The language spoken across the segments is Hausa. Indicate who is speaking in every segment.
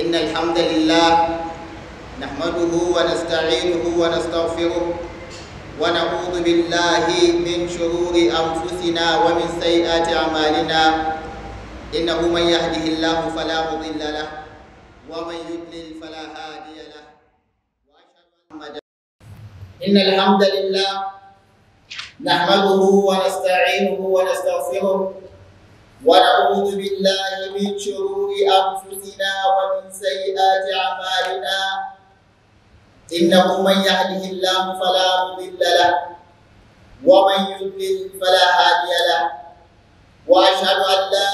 Speaker 1: إن الحمد لله نحمده ونستعينه ونستغفره ونعوذ بالله من شرور أنفسنا ومن سيئات أعمالنا إنه من يهده الله فلا مضل له ومن يضلل فلا هادي له وأشهد محمدا إن الحمد لله نحمده ونستعينه ونستغفره ونعوذ بالله من شرور أنفسنا ومن سيئات أعمالنا إنه من يهده الله فلا مضل له ومن يضلل فلا هادي له وأشهد أن لا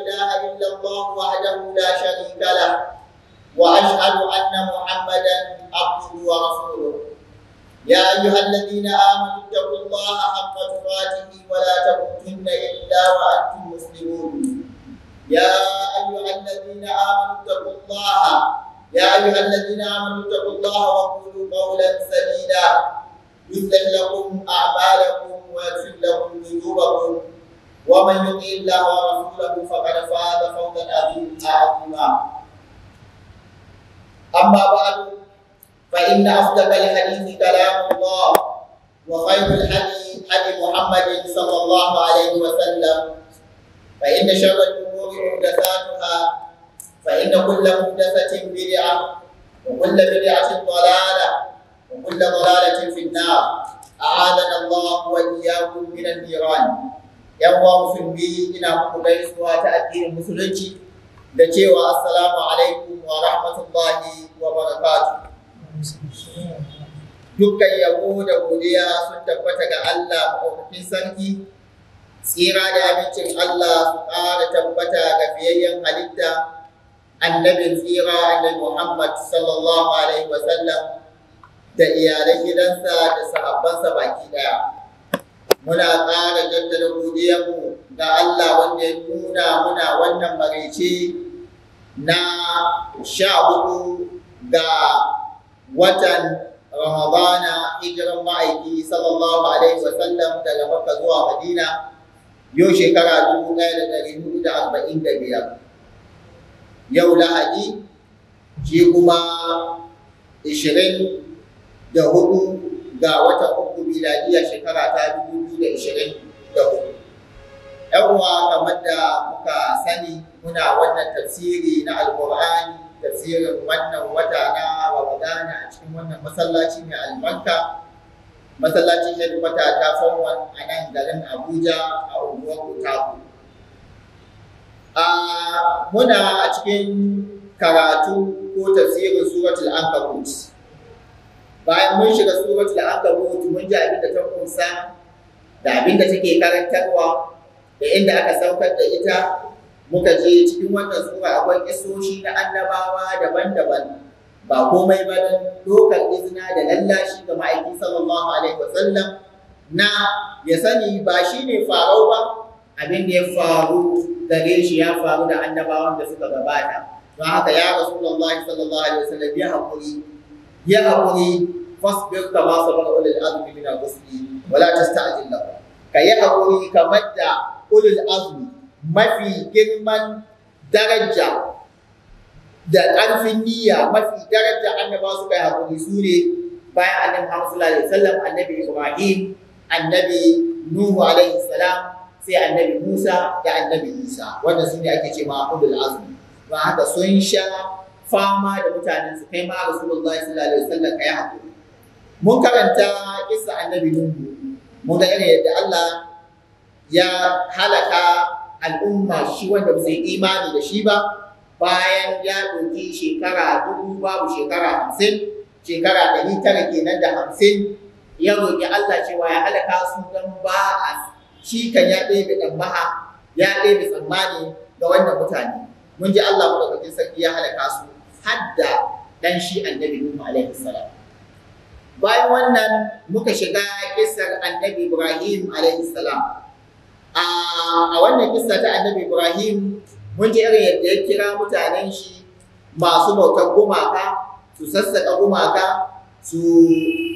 Speaker 1: إله إلا الله وحده لا شريك له وأشهد أن محمدا عبده ورسوله يا أيها الذين آمنوا اتقوا الله حق تقاته ولا تموتن إلا وأنتم مسلمون يا أيها الذين آمنوا اتقوا الله يا أيها الذين آمنوا اتقوا الله وقولوا قولا سديدا يصلح لكم أعمالكم ويغفر لكم ذنوبكم ومن يطع الله ورسوله فقد فاز فوزا عظيما أما بعد فإن أصدق الحديث كلام الله وخير الحديث حديث محمد صلى الله عليه وسلم فإن شر الأمور محدثاتها فإن كل محدثة بدعة وكل بدعة ضلالة وكل ضلالة في النار أعاذنا الله وإياكم من النيران ‘Yan uwa musulmi ina muku gaisuwa ta addinin musulunci da cewa assalamu alaikum dukkan yabo da godiya sun tabbata ga Allah maɗaukakin sarki tsira da amincin Allah su ƙara tabbata ga fiyayyen halitta annabin tsira da Muhammad sallallahu alaihi wasallam da iyalai gidansa da sahabbansa baki ɗaya. Muna ƙara jaddada godiyanmu ga Allah wanda ya nuna muna wannan marice na sha hudu ga watan ramadana hijiran ma'aiki sallallahu alaihi wa sallam daga makka zuwa madina yau shekara dubu ɗaya da ɗari hudu da arba'in da biyar yau lahadi shi kuma ishirin da hudu ga wata uku miladiya shekara ta dubu biyu da ishirin da hudu ‘yan uwa kamar da muka sani muna wannan tafsiri na alkur'ani tasirin wannan wata na Ramadana a cikin wannan masallaci mai albarka masallacin wata ta fawon a nan garin Abuja a unguwar Kutaku. A muna a cikin karatu ko tafsirin suratul Ankabut. Bayan mun shiga suratul Ankabut mun ji abin da ta kunsa da abinda take karantarwa da inda aka saukar da ita muka je cikin wannan sura akwai kisoshi na annabawa daban-daban ba komai ba don dokar izina da lallashi ga ma'aiki sallallahu alaihi sallam na ya sani ba shi ne farau ba abin da ya faru gare shi ya faru da annabawan da suka gabata don haka ya rasulullahi sallallahu alaihi sallam ya haƙuri ya haƙuri fasbir kama sabara ulul azumi min al-rusuli wala tasta'jil lahu ka yi haƙuri kamar da ulul azumi mafi girman daraja da ƙarfin niyya mafi daraja annaba su kai haƙuri su ne bayan annabi Muhammad sallallahu alaihi wasallam annabi Ibrahim annabi Nuhu alaihi salam sai annabi Musa da annabi Isa wanda su ne ake ce ma ulul azmi ba haka sun sha fama da mutanen su kai ma Rasulullahi sallallahu alaihi wasallam kai haƙuri. mun karanta kissa annabi Nuhu
Speaker 2: mun ga yadda
Speaker 1: Allah ya halaka al'umma shi wanda ba zai imani da shi ba bayan ya ɗauki shekara dubu babu shekara hamsin shekara ɗari tara kenan da hamsin ya roƙi Allah cewa ya halaka su don ba a shi kan ya ɗebe ɗan maha ya ɗebe tsammani ga wannan mutane mun ji Allah madaukakin sarki ya halaka su hadda ɗan shi annabi Nuhu alaihi salam bayan wannan muka shiga kisar annabi Ibrahim alaihi salam a wannan kissa ta annabi ibrahim mun ji irin yadda ya kira mutanen shi masu bautar gumaka su sassaƙa gumaka su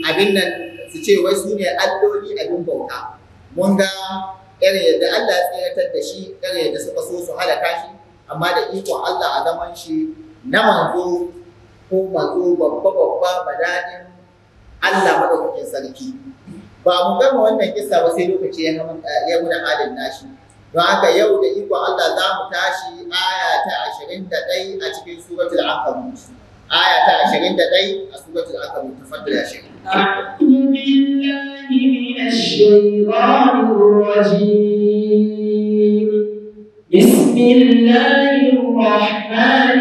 Speaker 1: abin nan su ce wai su ne alloli abin bauta mun ga irin yadda Allah ya tsiratar da shi irin yadda suka so su halaka shi amma da ikon Allah a zaman shi na manzo ko manzo babba babba madadin Allah madaukakin sarki ba mu gama wannan kisa ba sai lokaci ya muna halin nashi don haka yau da iko Allah za mu tashi aya ta ashirin a cikin suratul ankabut aya ta ashirin da a suratul ankabut ta fadda ya shirin. بسم الله الرحمن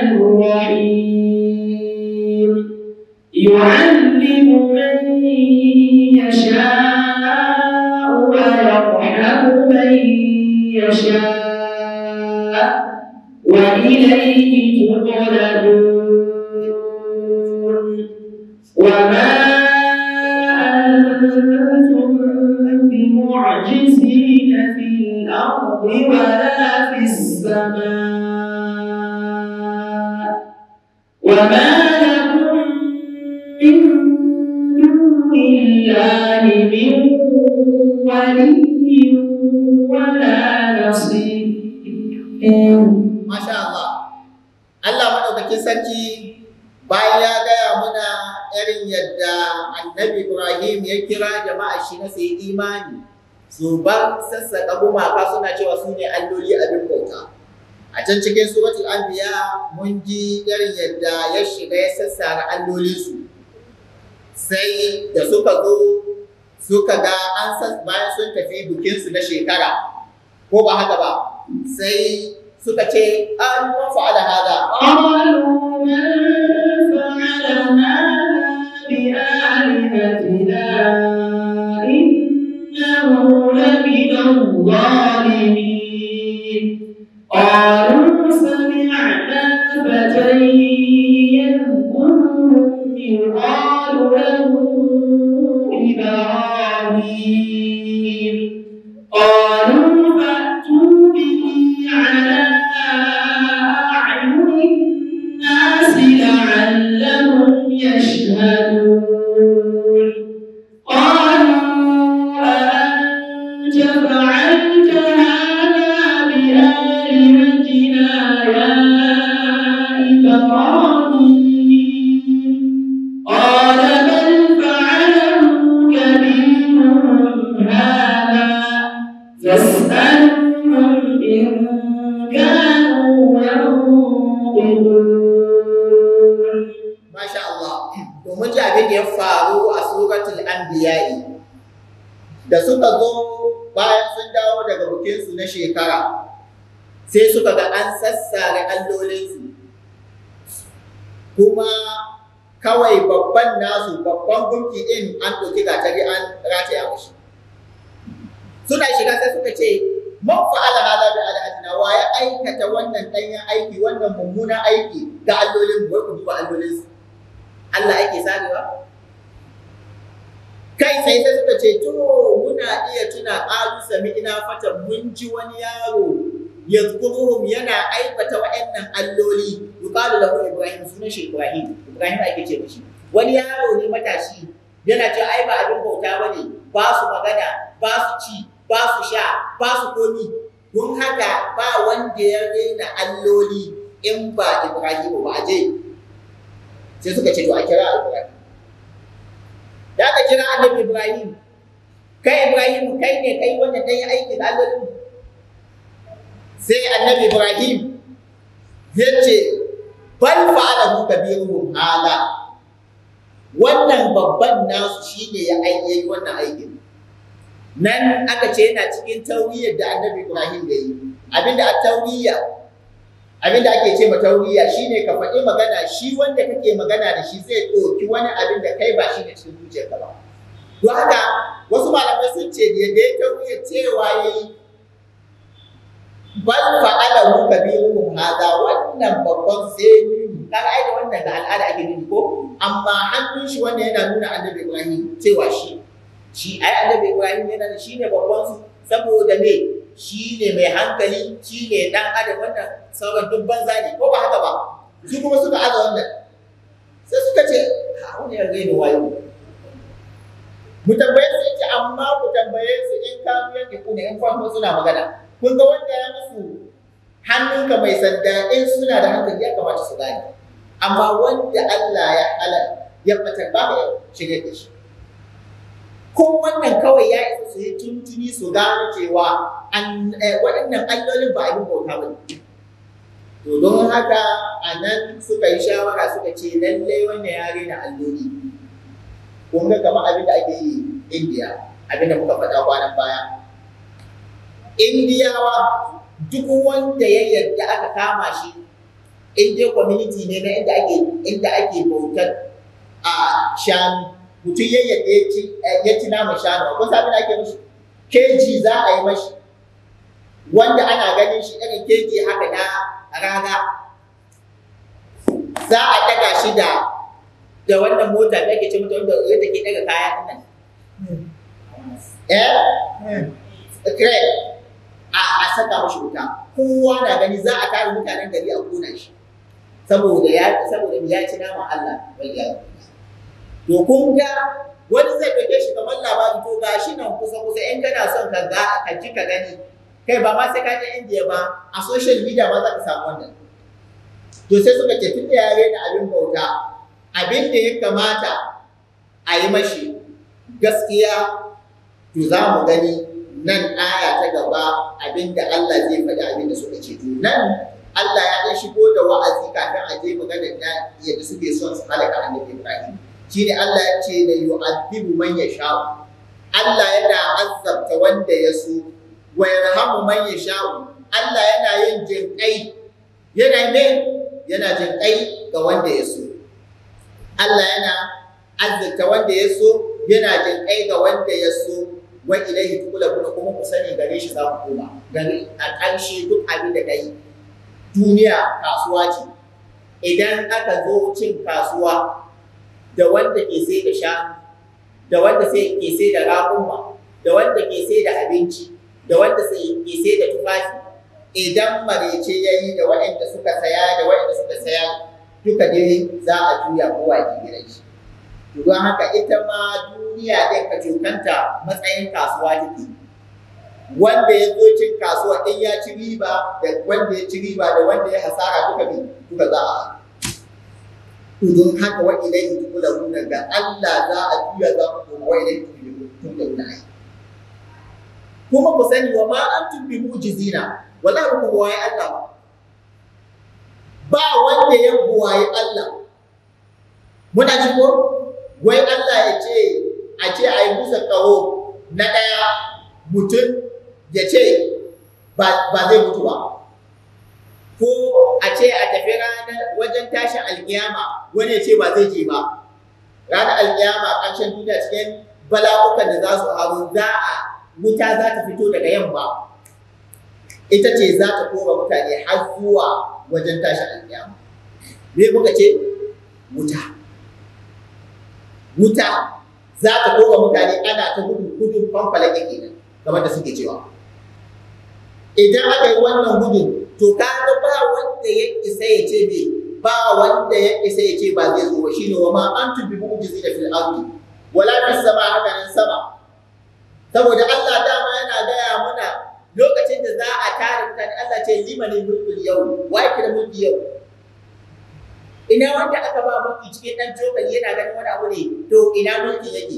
Speaker 1: يشاء ويرحم من يشاء وإليه تقلبون وما أنتم بمعجزين في الأرض ولا في السماء وما لله من ولي ولا نصير Masha Allah, Allah maɗaukakin sarki bayan ya gaya muna irin yadda annabi Ibrahim ya kira jama'a shi na sai imani, zuban sassaƙa gumaka suna cewa sune alloli a abin bauta. A can cikin suratul anbiya mun ji irin yadda ya shiga ya sassara allolinsu. sai da suka zo suka ga an san bayan sun tafi bikinsu na shekara ko ba haka ba sai suka ce an ah, fa'ala hada قالوا سمعنا فتى يذكرهم من magana ba su ci ba su sha ba su komi don haka ba wanda ya raina alloli in ba ibrahim ba je sai suka ce to a kira ibrahim da aka kira annabi ibrahim kai ibrahim kai ne kai wanda ta yi aikin alloli? sai annabi ibrahim ya ce bal fa'alahu kabiruhum hala wannan babban nasu shine ya aiye wannan aikin nan aka ce yana cikin tauriyar da annabi Ibrahim ya yi abinda a tauriya abinda ake ce ma tauriya shine ka faɗi magana shi wanda kake magana da shi zai ɗauki wani abin da kai ba shi ne cikin zuciyarka ba don haka wasu malamai sun ce da ya tauriya cewa ya yi bal mu kabiruhum hadha wannan babban sai kaga ai da wannan da al'ada ake nufi ko amma hannun shi wanda yana nuna annabi Ibrahim cewa shi shi ai annabi ibrahim yana da shine babban su saboda me shine mai hankali shine dan adam wannan sauran duk banza ne ko ba haka ba su kuma suka aza wannan sai suka ce haruna ya gaida wayo mu tambaye su yace amma ku tambaye su in kanu yake ku ne in suna magana kun ga wanda ya musu hannunka mai sanda in suna da hankali ya kamata su gane amma wanda Allah ya halal ya fata ba ya shige da shi ko wannan kawai ya isa su yi tuntuni su gano cewa eh, waɗannan allolin ba a yi bauta ba ne to don haka a nan suka yi shawara suka ce lallai wannan ya rena alloli kun ga kamar abin da ake yi indiya abin da muka faɗa kwanan baya indiyawa duk wanda ya yarda aka kama shi indiya community ne na inda inda ake bautar a shanu mutum ya eh, ya ci naman shanuwa kun sabin ake mishi keji za a yi mashi wanda ana ganin shi irin keji haka na rana za a daga shi da da wannan mota da ake ce mata ya take daga kaya nan eh hmm. a a saka mashi wuta kowa na gani za a tare mutanen gari a kona shi saboda ya saboda ya ci nama Allah wallahi to kun ga wani zai ɗauke shi kamar labari to ga shi nan kusa kusa in kana son ka ga ka ji ka gani kai ba ma sai ka je India ba a social media ma za ka samu wannan to sai suka ce tunda ya rena abin bauta abin da ya kamata a yi mashi gaskiya to za mu gani nan aya ta gaba abin da Allah zai faɗi abin da suka ce to nan Allah ya ɗan shigo da wa'azi kafin a je maganar da yadda suke son su halaka annabi Ibrahim ne Allah ya ce da yu'adhibu man yasha Allah yana azabta wanda ya so wa yarhamu man yasha Allah yana yin jinkai yana ne yana jinkai ga wanda ya so Allah yana azabta wanda ya so yana jinkai ga wanda ya so wa ilaihi tuqlabuna kuma ku sani gare shi za ku koma gare a ƙarshe duk abin da kai duniya kasuwa ce idan aka zo cin kasuwa da wanda ke sai da shanu da wanda sai ke sai da raƙuma da wanda ke sai da abinci da wanda ke sai da tufafi idan marece ya yi da waɗanda suka saya da waɗanda suka saya duka dai za a juya kowa ke gidan shi to don haka ita ma duniya ɗin ka cutanta matsayin kasuwa take wanda ya zo cin kasuwa ɗin ya ci riba da wanda ya ci riba da wanda ya hasara duka bi duka za a idan haka wa ilaihi tuqlabuna ga Allah za a juya za ku koma wa ilaihi tuqlabuna ai kuma ku sani wa ma antum bi mu'jizina wallahi ku buwaye Allah ba ba wanda ya buwaye Allah muna ji ko wai Allah ya ce a ce a yi musa kaho na ɗaya mutum ya ce ba zai mutu ba ko a ce a tafi ranar wajen tashin alkiyama wani ya ce ba zai je ba ranar alkiyama ƙarshen duniya cikin bala'ukan da za su haru za a wuta za ta fito daga yamma ita ce za ta koma mutane har zuwa wajen tashin alkiyama me muka ce wuta wuta za ta koma mutane ana ta gudun gudun yake nan kamar da suke cewa idan aka yi wannan gudun to ka ga ba wanda ya isa ya ce me ba wanda ya isa ya ce ba zai zo ba shine wa ma antum bi mu'jizina fil ardi wala fi sama haka nan sama saboda Allah ma yana gaya mana lokacin da za a tare mutane Allah ce limanin mulkul yau wa yake da yau ina wanda aka ba mulki cikin dan cokali yana ganin wani abu ne to ina mulki yake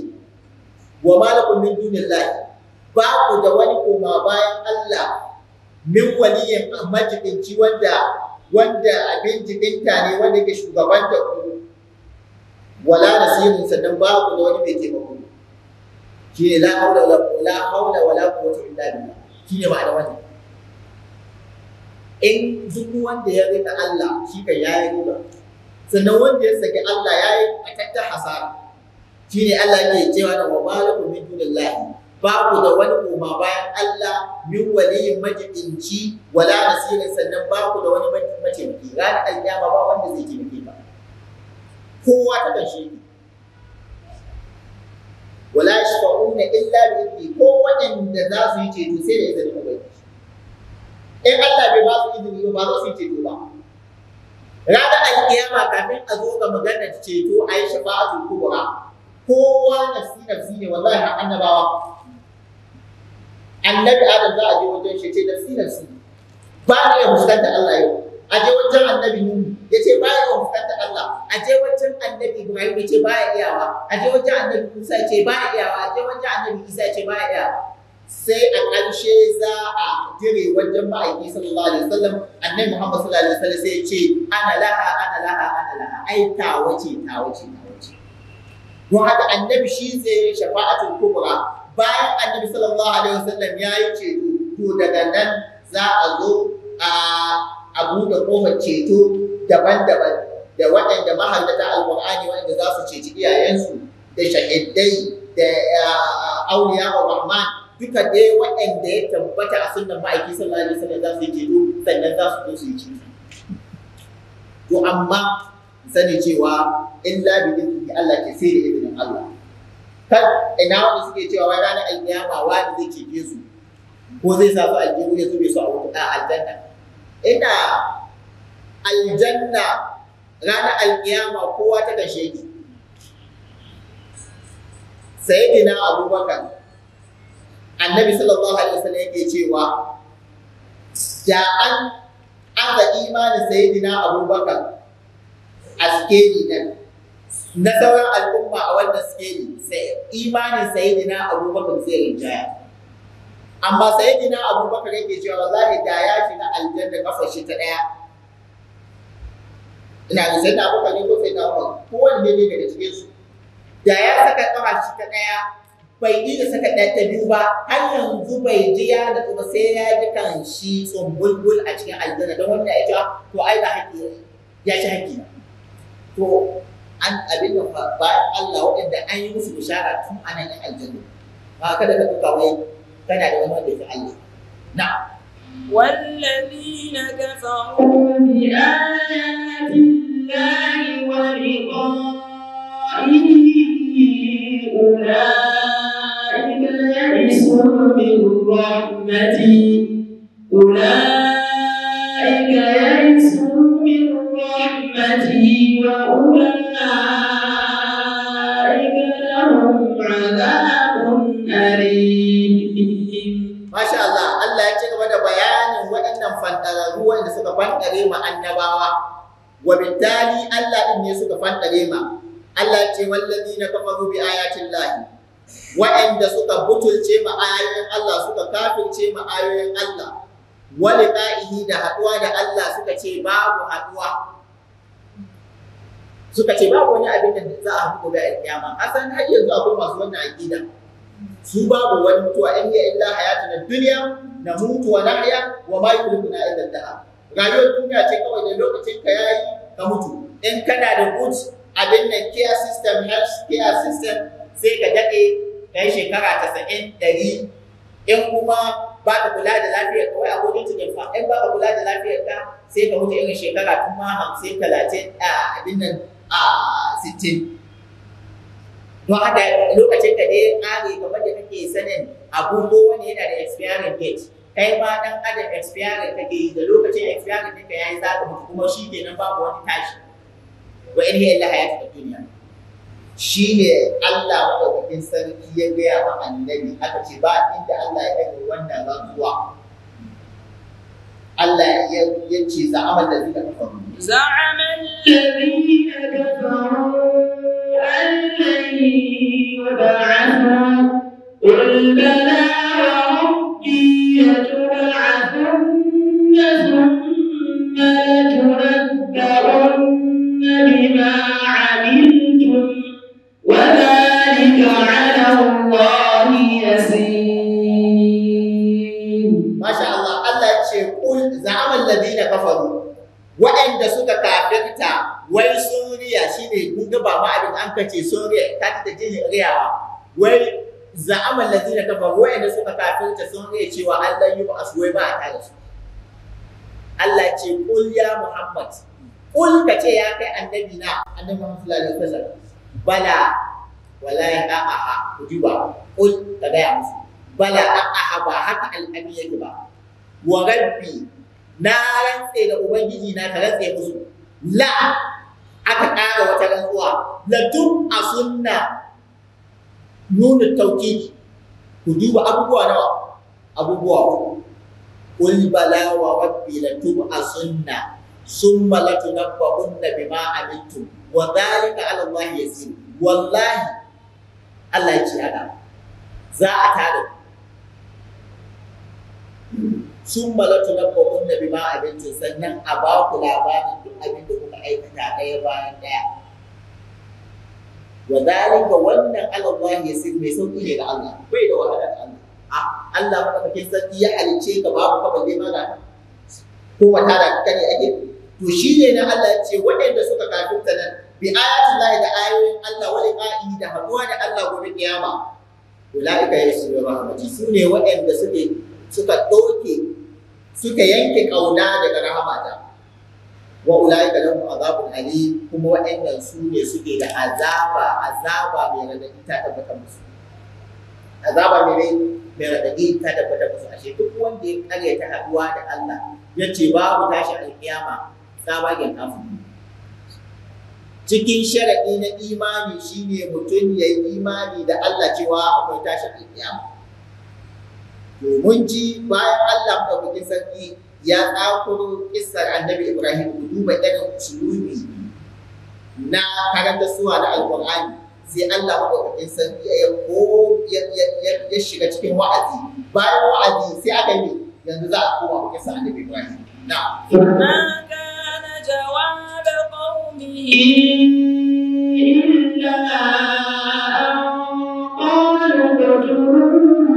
Speaker 1: wa malakum min dunillahi ba ku da wani koma bayan Allah min waliyin amma jibinci wanda wanda abin jibinta ne wanda ke shugabanta ku wala nasirin sannan ba ku da wani mai taimako shi ne la haula wala la haula wala quwwata illa billah shi ne ma'ana wannan in duk wanda ya rika Allah shi kan yayi riba sannan wanda ya saki Allah yayi a tattar hasara shi ne Allah ke cewa da wa malakum min dunillahi babu da wani koma bayan Allah min waliyin majibinci wala nasirin sannan babu da wani mataimaki ranar alƙiyama ba wanda zai taimake ka kowa ta kashe ne wala shafa'una illa bi idni ko waɗanda za su yi ceto sai da izinin ubangiji in Allah bai ba su izini ba za su yi ceto ba ranar alƙiyama kafin a zo ga maganar ceto a yi shafa'atul kubra kowa nafsi nafsi ne wallahi annabawa annabi adam za a je wajen shi ce nafsi nafsi ba a iya fuskanta Allah yau a je wajen annabi nuhu ya ce ba iya fuskanta Allah a je wajen annabi ibrahim ya ce ba a iyawa a je wajen annabi musa ya ce ba a iyawa a je wajen annabi isa ya ce ba a iyawa sai a ƙarshe za a dire wajen ma'aiki sallallahu alaihi wasallam annabi muhammad sallallahu alaihi wasallam sai ya ce ana laha ana laha ana laha ai ta wace ta wace ta wace don haka annabi shi zai shafa'atul kubra bayan annabi sallallahu alaihi wasallam ya yi ceto to daga nan za a zo a a buɗe kofar ceto daban-daban da waɗanda mahallata alƙur'ani waɗanda za su ceci iyayensu da shahidai da auliya wa rahman duka dai waɗanda ya tabbata a sunan ma'aiki sallallahu alaihi wasallam za su yi ceto sannan za su zo su yi ceto to amma sani cewa illa bi Allah ke sai da Allah kan ina wanda suke cewa wai ranar alkiyama wani zai cefe su ko zai sa su aljihu ya zube su a aljanna ina aljanna ranar alkiyama kowa ta kashe ki sayyidina abubakar annabi sallallahu alaihi wasallam yake cewa da an ga imanin sayyidina abubakar askeri nan na sauran al'umma a wannan sai imanin sayidina abubakar zai rinjaya amma sayidina abubakar yake cewa wallahi da ya na aljanna kafa shi ta daya ina da sayidina abubakar ne ko sayidina abubakar wani ne daga cikin su da ya saka kafa shi ta daya bai yi da saka ɗaya ta biyu ba har yanzu bai ji ya da kuma sai ya ji kan shi tsumbulbul a cikin aljanna don wanda ya ce ah, to ai da haƙƙi ya ci haƙƙi to an abin da bayan Allah waɗanda an yi musu bishara tun a nan aljanna ba kada ka duka wai kana da wani wanda ya Allah na والذين كفروا بآيات الله ولقائه أولئك يئسوا من رحمتي أولئك يئسوا من رحمتي وأولئك azabun alim masha Allah Allah ya ci gaba da bayanin waɗannan fantararru wanda suka fantare ma annabawa wa bittali Allah din ne suka fantare ma Allah ce wallazina kafaru bi ayatin lahi wa'anda suka butulce ma ayoyin Allah suka kafirce ma ayoyin Allah Wani liqa'ihi da haɗuwa da Allah suka ce babu haɗuwa. suka ce babu wani abin da za a haɗu gobe a kiyama asan har yanzu akwai masu wannan aƙida su babu wani mutuwa in ya illa hayatu na duniya na mutuwa na haya wa ma yuliku na illa da'a rayuwar duniya ce kawai da lokacin ka yayi ka mutu in kana da good abin nan care system health care system sai ka daɗe ka yi shekara tasa'in ɗari in kuma ba ka kula da lafiyar ka wai abokin cikin fa in ba ka kula da lafiyar ka sai ka wuce irin shekara kuma hamsin talatin a abin nan sittin don haka lokacin da dai kamar da kake sanin abubuwa wani yana da expiring date kai ma dan adam expiring kake yi da lokacin expiring ɗinka yayi za ka mutu kuma shi kenan babu wani tashi wa in hiya illa hayatu dunya ne Allah madaukakin sarki ya gaya wa annabi aka ce ba inda Allah ya kai wannan zuwa. الله ya زعم الذين كفروا زعم الذين كفروا أن لن يبعثوا قل بلى وربي لتبعثن ثم لتنبؤن بما عملتم
Speaker 2: وذلك على
Speaker 1: الله na kafaru waɗanda suka kafirta wai suriya riya shine kun gaba ma abin an kace sun riya ka ta jin riyawa wai za'amal na kafaru waɗanda suka kafirta sun riya cewa Allah yi ba wai ba a tare su Allah ce kul ya Muhammad kul ka ce ya kai annabi na annabi Muhammad sallallahu alaihi wasallam bala wallahi a'a ku ba, kul ka ga musu bala a'a ba haka al'abi yake ba wa rabbi na rantse da ubangiji na ka rantse musu la aka ƙara wata rantsuwa la tun a sunna nuna tauki ku duba abubuwa nawa abubuwa kulli bala wa rabbi la tun a sunna summa la tunabba'unna bima amiltum wa dhalika 'ala Allah yasir wallahi Allah ya ci ana za a tare sun malatu na babban na bima abincin sannan a ba ku labarin duk abin da kuka aikata ɗaya bayan ɗaya. Wa zalika wannan Allah ya sir mai sauƙi ne da Allah bai da wahala da Allah. Allah maɗaukakin sarki ya halice ka babu ka balle ma ga ko wata da ka ne ake. To shi ne na Allah ce waɗanda suka ta nan bi ayatin lahi da ayoyin Allah wani ƙa'i da haɗuwa da Allah gobe kiyama. Ula'ika ya su rahmati su ne waɗanda suke suka ɗauke suka yanke kauna daga rahamata wa da lahum azabun ali kuma wa'annan su ne suke da azaba azaba mai radadi ta tabbata musu azaba mai mai radadi ta tabbata musu ashe duk wanda ya kare ta haduwa da Allah ya ce babu tashi alkiyama sabagen kafin cikin sharaɗi na imani shine mutum ya imani da Allah cewa akwai tashi alkiyama domin ji bayan Allah maɗaukakin sarki ya tsakuro ƙisar annabi Ibrahim ku duba irin usulubi na karanta suwa na alƙur'ani sai Allah maɗaukakin sarki ya ko ya shiga cikin wa'azi bayan wa'azi sai aka yi yanzu za a koma kisar annabi Ibrahim na jawab قومه إلا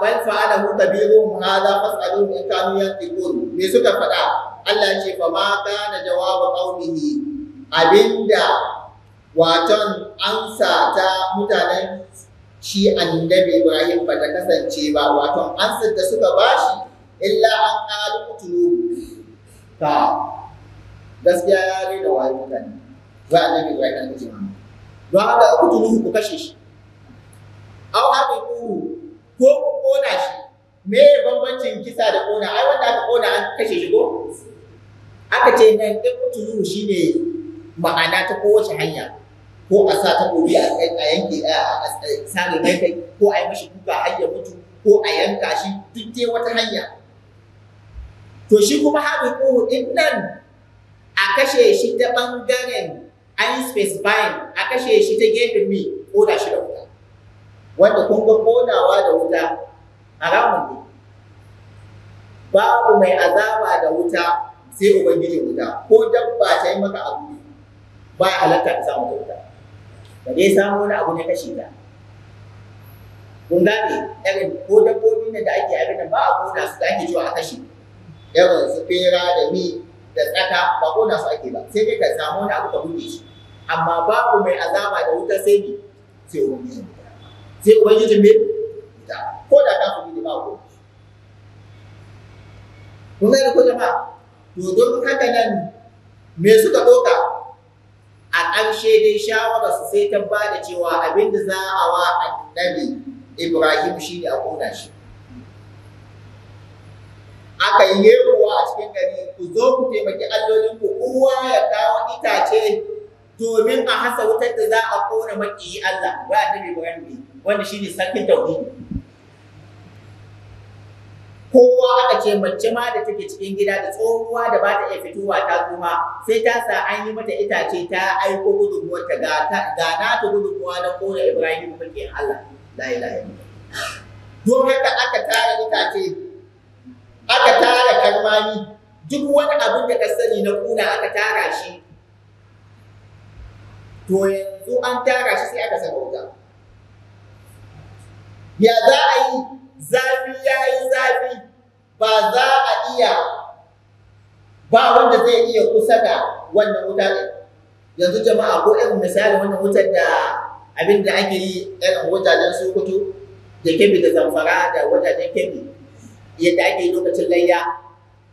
Speaker 1: fa'ala fa'alahu kabiruhum hadha fas'aluhum in kanu yantiqun me suka faɗa Allah ce fa ma kana jawabu qaumihi abinda waton ansa ta mutanen shi annabi Ibrahim ba ta kasance ba waton ansa da suka bashi illa an qalu qutulu ka gaskiya ya da wani mutane ba a nabi Ibrahim an kace don haka ku kashe shi aw abiku ko ku kona shi me bambancin kisa da kona ai wanda aka kona an kashe shi ko aka ce nan in kuturu ne ma'ana ta kowace hanya
Speaker 2: ko a sa ta takobi a yanke
Speaker 1: a mai kai ko a yi mashi kuka hanyar mutu ko a yanka shi duk dai wata hanya to shi kuma haɗu in nan a kashe shi ta ɓangaren an specifying a kashe shi ta gefen mi ko da shi da wuta wanda kun ga konawa da wuta haramun ne babu mai azaba da wuta sai ubangiji wuta ko dabba ta yi maka abu ne ba ya halatta ka samu wuta da dai samu wani abu ne kashe ta kun gane irin ko dabbobi ne da ake abin ba a kona su da ake cewa a kashe irin su fera da mi da tsaka ba kona su ake ba sai dai ka samu wani abu ka buge shi amma babu mai azaba da wuta sai ne sai ubangiji wuta sai ubangijin me da ko da kafiri ne ba ko kuma da ko jama'a to don haka nan me suka doka a ƙarshe dai shawararsu su sai ta ba da cewa abin da za a wa annabi ibrahim shi ne a koda shi aka yi yerowa a cikin gari ku zo ku taimaki allolin ku kowa ya kawo itace domin a hasa wutar da za a kona maki Allah wa annabi Ibrahim wanda shi ne sarkin tauhidi kowa aka ce mace ma da take cikin gida da tsohuwa da ba ta iya fitowa ta kuma sai ta sa an yi mata itace ta aiko gudunmuwar ta ga na ta gudunmuwa na kona ibrahim mulkin allah la ilaha don haka aka tara itace aka tara kalmani duk wani abin da ka sani na kuna aka tara shi to yanzu an tara shi sai aka saka wuta ya za a yi zafi ya yi zafi ba za a iya ba wanda zai iya kusa da wannan wuta ne yanzu jama'a ko irin misali wannan wutar da abin da ake yi irin su sokoto da kebe da zamfara da wajajen kebe yadda ake yi lokacin layya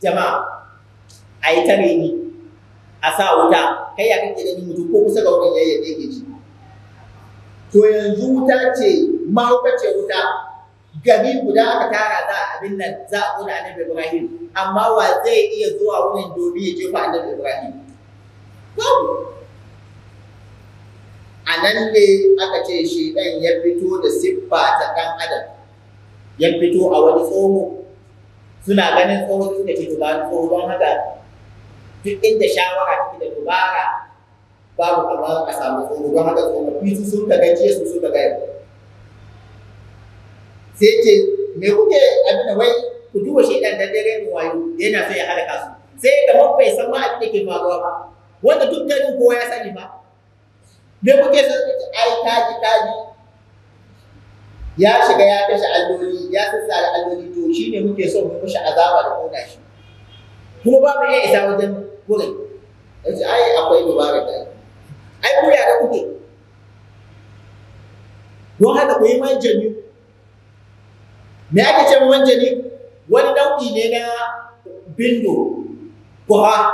Speaker 1: jama'a a yi tare ni a sa wuta kai ya kake da mutum ko kusa ga wurin yayyan da yake ci to yanzu wuta ce mahaukaciyar wuta gari guda aka tara za a abin nan za a annabi Ibrahim amma wa zai iya zuwa wurin domin ya jefa annabi Ibrahim a nan ne aka ce shi ɗan ya fito da siffa ta ɗan adam ya fito a wani tsoho suna ganin tsoho suka ce ba tsoho don haka duk inda shawara take da dubara babu kamar a samu tsoho don haka tsofaffi su sun ka jiya su suka ga sai ce me kuke abin wai ku duba shi dan dan dare mu wayo yana so ya halaka su sai da mun bai san ma abin da ke faruwa ba wanda duk garin kowa ya sani ba me kuke san ai kaji kaji
Speaker 2: ya shiga ya kashe
Speaker 1: alloli ya sassara alloli to shine muke so mu mishi azaba da koda shi kuma ba mu iya isa wajen gurin yace ai akwai dubara da ai ku ya da kuke don haka ku yi man janyu me ake ce manjani wani nau'i ne na bindo gwafa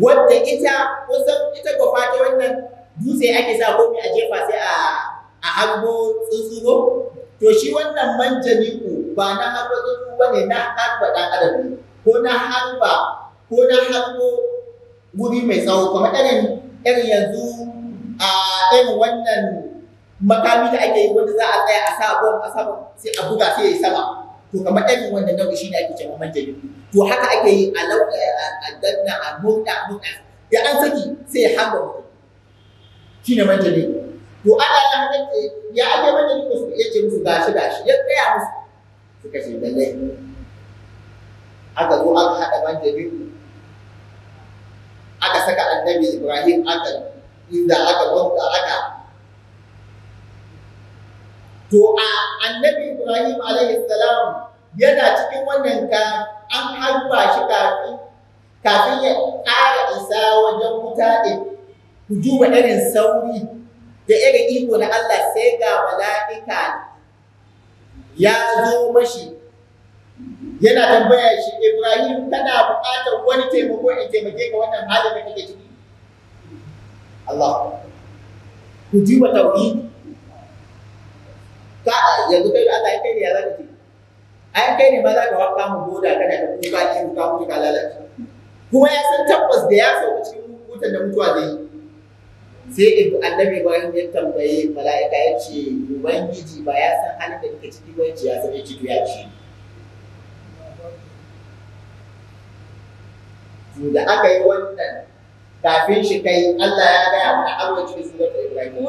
Speaker 1: wadda ita kusan ita gwafa ta wannan dutse ake sa komai a jefa sai a a hango tsuntsuro to shi wannan manjani ko ba na hango tsuntsu ba ne na hango ɗan adam ko na hango ko na hango wuri mai tsawo kamar irin yanzu a irin wannan makami da ake yi wanda za a tsaya a sa bom a sama sai a buga sai ya yi sama to kamar irin wanda nau'i shi ne ake cewa manjani to haka ake yi a lauka a danna a murɗa a murɗa ya an saki sai ya hanga mutum shi ne manjani to ana ya hanga ya ake manja ko su ya ce musu gashi gashi ya tsaya musu suka ce lalle. aka zo aka haɗa manjani aka saka annabi ibrahim aka inda aka wanda aka to a annabi ibrahim alayhi salam yana cikin wannan ka an haifa shi kafin kafin ya kara isa wajen mutane ku duba irin sauri da irin iko na Allah sai ga mala'ika ya zo mashi
Speaker 2: yana tambaya
Speaker 1: shi Ibrahim tana buƙatar wani taimako in taimake ka wannan halin da kake ciki Allah ku ji wa ka yanzu kai Allah ya kai ne ya lalace ai kai ne ma za ka waka mu boda kana da kuka ki ka mutu ka lalace kuma ya san tabbas da ya sauka cikin wutan da mutuwa zai yi sai ibu annabi bayan ya tambaye mala'ika ya ce ubangiji ba ya san halin da kake ciki ba ya san ya ya ce da aka yi wannan kafin shi kai Allah ya gaya mana arwacin suratul ibrahim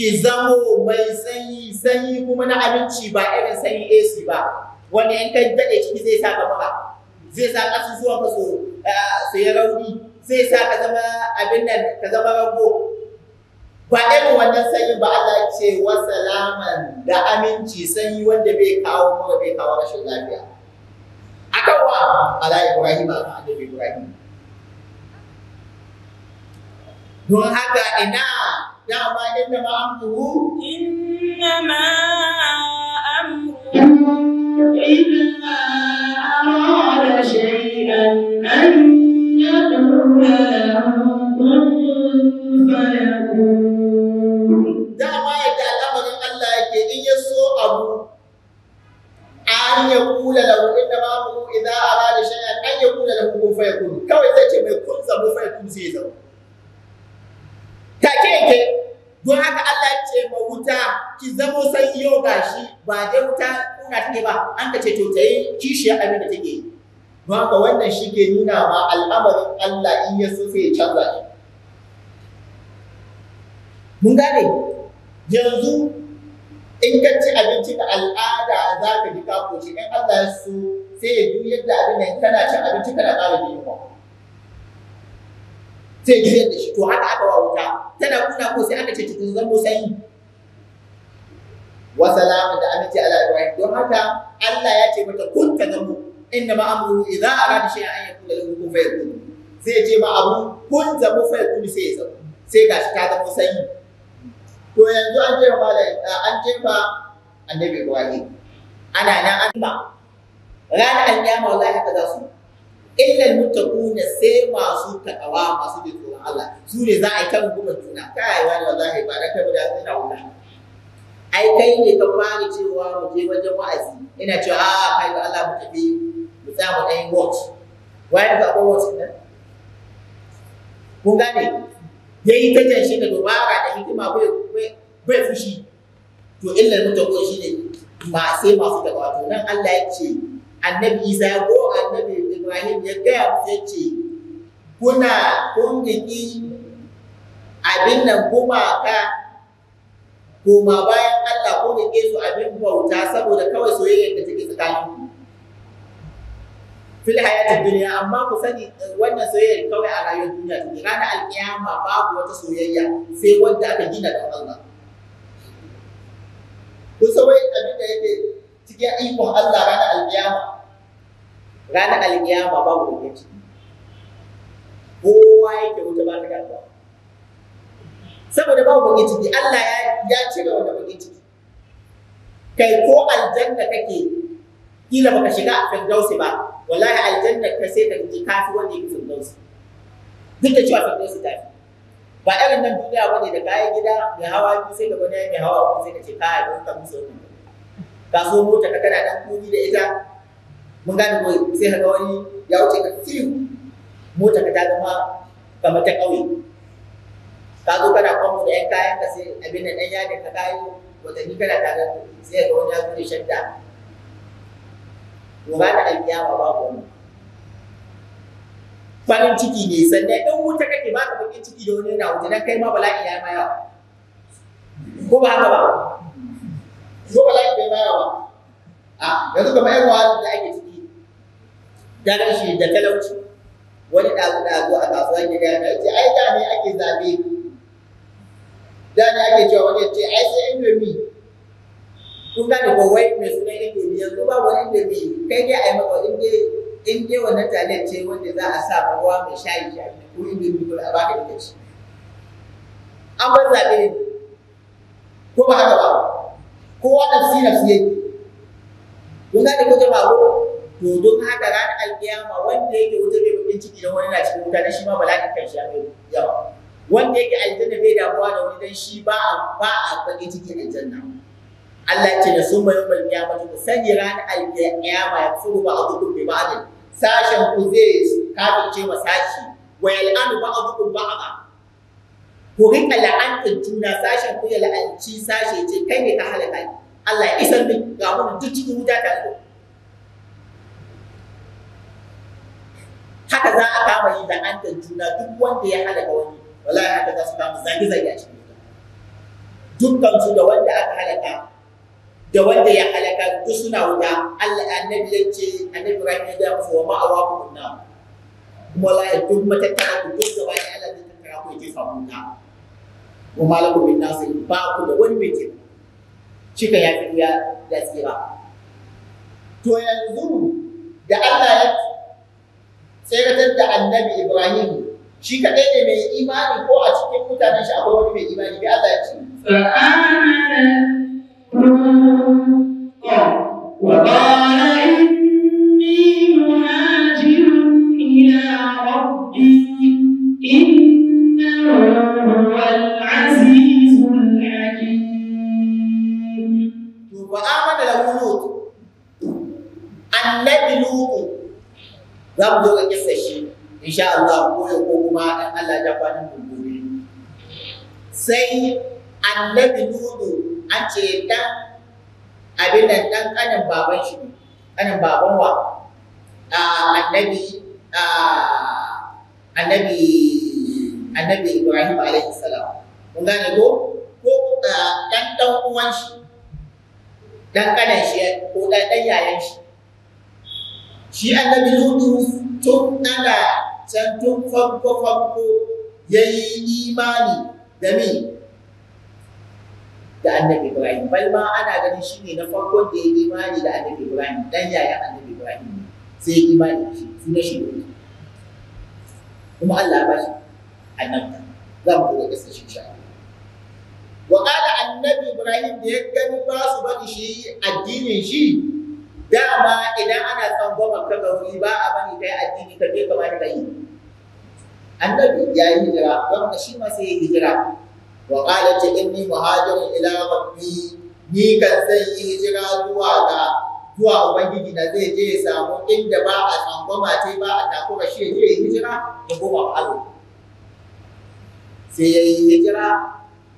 Speaker 1: ki zamo mai sanyi sanyi kuma na abinci ba irin sanyi AC ba wanda in kai dade ciki zai sa ka zai sa ƙasu zuwa ka so ah, su yi rauni zai sa ka zama abin nan ka zama rago ba irin wannan sanyi ba Allah ce wa salaman da aminci sanyi wanda bai kawo mura bai kawo rashin lafiya akan wa ala Ibrahim ala Ibrahim don haka ina dama inna ma amruhu inna ma amruhu yadda Allah ke in ya so abu an ya kula lahu inna ma arada shay'an an ya kula kawai zai ce mai kun zabu fayakun zai zama take yake don haka Allah ce ma wuta ki zamo san iyo gashi ba da wuta kuna take ba an ka ce to kishiyar abin da take yi don haka wannan shi nuna ma al'amarin Allah in ya so sai ya canza shi mun gane yanzu in ka ci abinci da al'ada za ka ji ka koshi in Allah ya so sai ya duk yadda abin nan kana ci abinci kana ƙara jin yunwa zai juyar da shi to haka aka wa wuta tana kuna ko sai aka ce ta zamo sanyi wa salamun da aminci ala ibrahim don haka Allah ya ce mata kun ta zamo inna ma amru idza arada shay'an an yakuna lahu kun fayakun zai ce ma abu kun zamo fayakun sai ya zamo sai gashi ta zamo sanyi to yanzu an jefa malam an jefa annabi ibrahim ana nan an ba
Speaker 2: ranar alƙiyama
Speaker 1: wallahi haka za su yi illal muttaquna sai masu takawa masu jin tsoron Allah su ne za a yi kan gubar juna kai wani ba za a yi ba kai ba da tsira wuta ai kai ne ka fara cewa mu je wajen wa'azi ina cewa a kai ga Allah mu tafi mu tsaya mu dai watch why ga ko watch ne kun gane yayi ta jan shi da dubara da hikima bai bai fushi to illal muttaquna shine ba sai masu takawa to nan Allah ya ce annabi Isa ko annabi Ibrahim ya gaya musu ya ce kuna kun abin nan gumaka koma bayan Allah ko ke su abin bauta saboda kawai soyayyar da take tsakanin ku fil hayati duniya amma ku sani eh, wannan soyayyar kawai a rayuwar duniya take ranar alkiyama babu wata soyayya sai wanda aka gina da Allah kun wai abin da yake cikin ikon Allah ranar alkiyama ranar alƙiyama babu hukunci kowa yake wuta ba ta karɓa saboda babu bakin ciki Allah ya cire wanda bakin ciki kai ko aljanna kake kila baka shiga a dausi ba wallahi aljanna ka sai ka ji kafi wanda yake dausi duk da cewa dausi ta fi ba irin nan duniya bane da kayan gida mai hawa biyu sai ka gwada mai hawa uku sai ka ce ka don ka musu ka so mota ka kana da kuri da ita mun gane ko sai ka wani ya wuce ka fiyu mota ka ta zama kamar ta ƙauye ka zo kana kwamfu da 'yan kayan ka sai abin da ɗan yadin ka kayo ni kana tare da sai ka wani ya bude shadda ba da ba babu wani farin ciki ne sannan ɗan wuta kake ba ka bakin ciki da wani yana wuce dan kai ma bala'i ya yi yawa ko ba haka ba ko bala'i bai ma a yanzu kamar yan wahala da ake ta shi da talauci wani ɗago-ɗago a kasuwa ke ya ce ai da ne ake zabe da ne ake cewa wani ce ai sai indomi kun ga da kowai mai sunan indomi yanzu ba wani indomi kai dai ai maka inda inda in wannan talent ce wanda za a sa ruwa mai shayi shayi ko indomi ko a baka ita ce an bar zabe ko ba haka ba kowa nafsi nafsi yake
Speaker 2: kun da ko ba ko
Speaker 1: to don haka ranar alkiyama wanda yake wuta bai bakin ciki don wani na cikin wuta dan shi ma bala'in kan shi mai yawa wanda yake aljanna bai damuwa da wani dan shi ba a ba a bakin ciki aljanna Allah ce da sun bayan balkiyama ta sanya ranar alkiyama ya fi ba a dukkan bai ba'adin sashen ku zai kafirce wa sashi wa yal'anu ba a ba? ba'a ku rika la'antar juna sashen ku ya la'anci sashe ce kai ne ka halaka Allah ya isar da ga mun duk cikin wuta ta haka za a kama yi da an juna duk wanda ya ga wani wallahi haka za su kama zage zage a cikin ta dukkan su da wanda aka halaka
Speaker 2: da wanda ya halaka duk suna
Speaker 1: wuta Allah annabi ya ce annabi Ibrahim ya ga musu wa ma'awa ku kunna kuma wallahi duk matattara ku duk da ne Allah zai tattara ku ke samu wuta wa malakum bin nas ba ku da wani mai ce shi ka ya ya tsira to yanzu da Allah ya sai ka tadda annabi Ibrahim shi kaɗai ne mai imani ko a cikin mutanen shi akwai wani mai imani bai Allah ya ce. Fa'amana wa za mu zo ga kisa shi insha Allah ko ya kuma dan Allah ya kwanin gobe sai annabi nudu an ce dan abin nan dan kanin baban shi kanin baban wa annabi annabi annabi Ibrahim alaihi salam gane ko ko dan dan uwan shi yayan shi shi annabi lutu tun ana can tun farko farko ya yi imani da me da annabi ibrahim bal ma ana ganin shi ne na farkon da ya yi imani da annabi ibrahim dan yaya annabi ibrahim sai ya imani da shi suna shi ne kuma allah ba shi annabta za mu kuma gasa shi sha wa qala annabi ibrahim da ya gani ba su bari shi addinin shi dama idan ana son goma ka gauri ba a bani kai addini ka ke kamar da yi annabi ya yi hijira don shi ma sai ya hijira wa ce in ni muhajirun ila rabbi ni kan sai yi hijira zuwa ga zuwa ubangiji na zai je ya samu inda ba a son ce ba a takura shi je ya hijira ya goma Allah sai ya yi hijira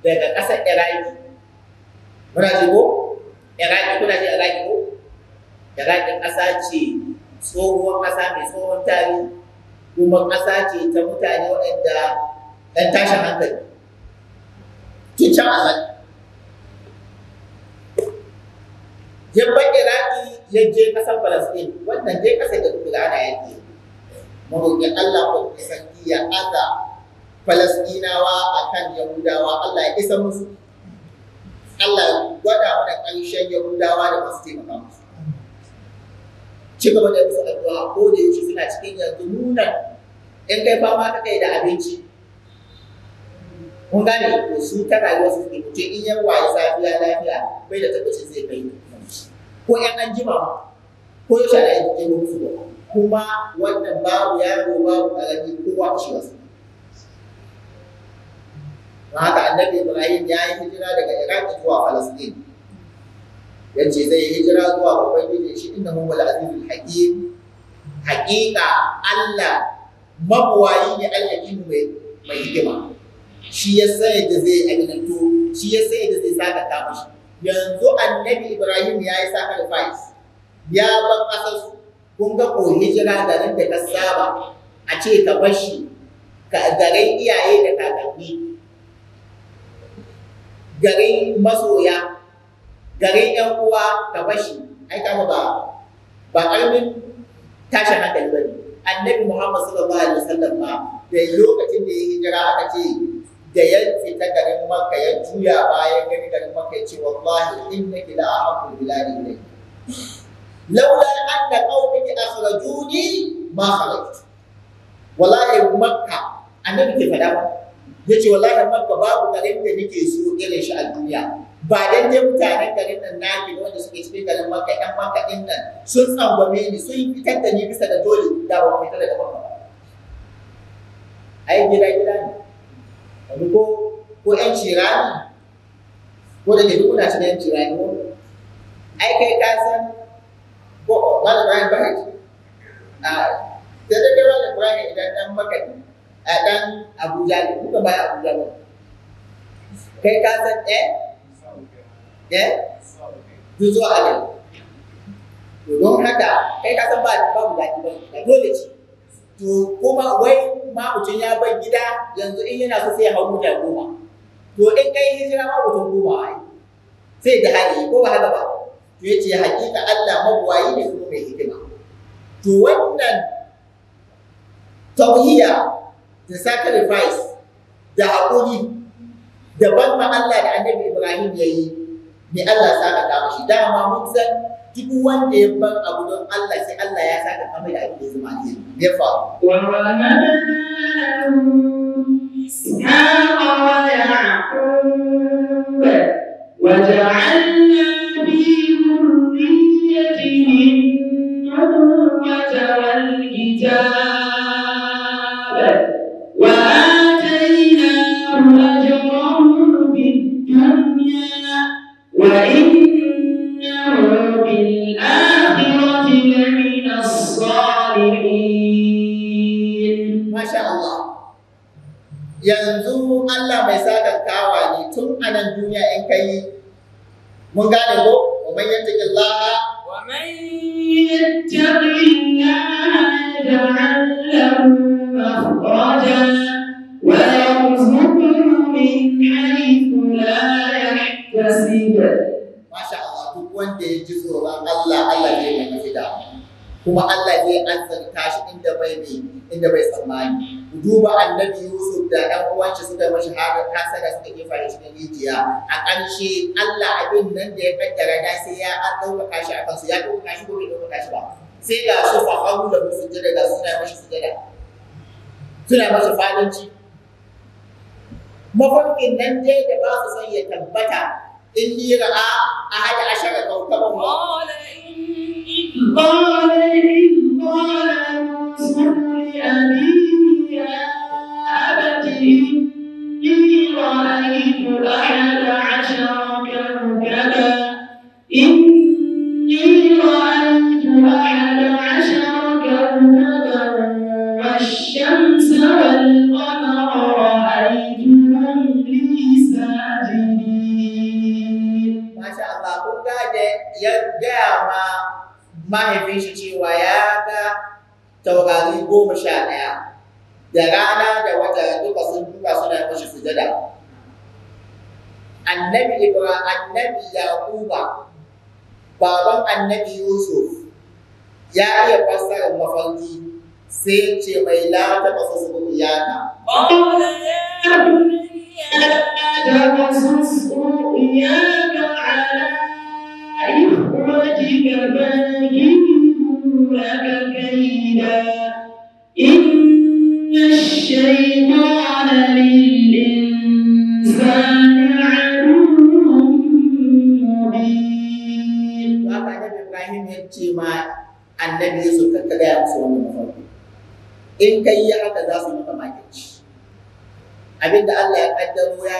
Speaker 1: daga ƙasar Iraki muna ji ko Iraki kuna ji Iraki ko Iraq ɗin ƙasa ce tsohuwar ƙasa mai tsohon tarihi kuma ƙasa ce ta mutane waɗanda ɗan tashin hankali ke can a Iraki ya je ƙasar Falasɗin wannan dai ƙasar da kuka ana yake. Maroƙin Allah ko sarki ya aza Falasɗinawa a kan Yahudawa Allah ya isa musu. Allah ya gwada mana ƙarshen Yahudawa da masu taimaka musu. ci gaba da musu addu'a ko da yake suna cikin yanzu nuna in kai fama ka kai da abinci kun gane to su ta rayuwa su ke mutum in yan waye safiya lafiya bai da tabbacin zai kai ko yan an jima ko shara yin yake musu ba kuma wannan babu yaro babu ƙarami kowa shi wasu haka annabi ibrahim ya yi hijira daga iraq zuwa falastin yace zai hijira zuwa ubangiji shi inna huwal azizul hakim haƙiƙa Allah mabuwayi ne alhakimu mai mai hikima shi ya sai da zai aminanto shi ya sai da zai saka ta mishi yanzu annabi Ibrahim ya yi saka da fais ya ban kasar su kun ga ko hijira da nan da ka saba a ce ka bar shi ka garin iyaye da kakanni garin masoya garin yan uwa ta bashi ai kama ba ba ƙaramin tashin hankali ba ne annabi muhammad sallallahu alaihi wasallam ba da lokacin da ya hijira aka ce da ya fita garin makka ya juya bayan gani garin makka ya ce wallahi innaki la ahabbu bilali ilayya laula anna qaumaki akhrajuni ma kharajtu wallahi makka annabi ke fada ya ce wallahi makka babu garin da nake so irin shi a duniya ba dan dai mutanen garin nan naki wanda suke cikin garin maka ɗan maka ɗin nan sun tsangwame ni sun yi fitar da ni bisa da dole da ba fita daga maka ai gida gida ne wani ko ko ƴan cirani ko da duk kuna cikin ƴan cirani ko ai kai ka san ko malam Ibrahim Bahaj a da da kai malam Ibrahim idan ɗan maka ɗin a ɗan Abuja ne kuka ba Abuja ne kai ka san eh Eh? da zuwa abin to don haka kai ka san ba babu daɗi ba da dole ce to kuma wai mabucin ya bar gida yanzu in yana so sai ya hau mota goma to in kai hijira ma mabucin goma ai sai da hali ko ba haka ba to ya yace hakika Allah mabuwayi ne kuma mai hikima to wannan tauhiya da sacrifice da haƙuri ban ma Allah da Annabi Ibrahim ya yi me Allah ya saka ka mashi dama mun san duk wanda ya ban abu don Allah sai Allah ya saka mai da abin da zama ne ya faru One guy. da bai tsammani ku duba annabi yusuf da ɗan uwanci suka mashi haka kasara suka ke da cikin rijiya a ƙarshe allah abin nan da ya kaddara da sai ya an ɗaukaka shi a kansu ya ɗaukaka shi ko bai ɗaukaka shi ba sai ga su fahamu da musu jira da suna mashi sujada suna mashi fadanci mafarkin nan dai da ba su son ya tabbata in yi ra'a a hada ashara kaukaban ba. قال قال موسى لأبيه يا أبت إني رأيت أحد عشر كوكبا إني رأيت أحد عشر كوكبا والشمس والقمر رأيتهم لي ساجدين ما شاء الله كنت جاء ما هي taurari goma sha ɗaya da rana da wata duka sun duka suna mashi sujada annabi ibrahim annabi yaquba baban annabi yusuf ya iya fassarar mafarki sai ce mai lata masa su kuma yana. إياك على إخراجك فنجيب لك كيدا إن الشيطان للإنسان عدو مبين وقال إبراهيم يتيما النبي يوسف كتلا يمسون من فرق إن كي يحكى ذا سنة ماكيش abinda Allah ya kaddaro ya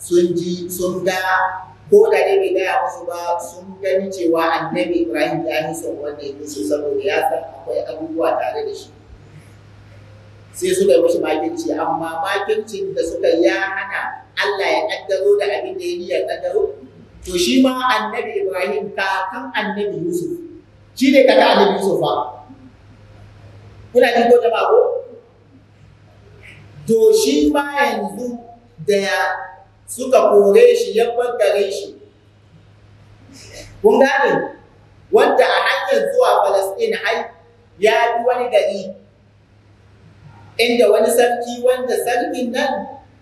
Speaker 1: sun ji sun ga ko da dai bai gaya musu ba sun gani cewa annabi Ibrahim ya yi son wanda yake so saboda ya san akwai abubuwa tare da shi sai suka yi mashi makinci amma makincin da suka ya hana Allah ya kaddaro da abin da ya yi ya kaddaro to shi ma annabi Ibrahim kakan annabi Yusuf shi ne kaka annabi Yusuf ba kuna ji ko jama'a ko to shi ma yanzu da suka kore shi ya bangare shi kun gane wanda a hanyar zuwa Falasɗin ai ya bi wani gari inda wani sarki wanda sarkin nan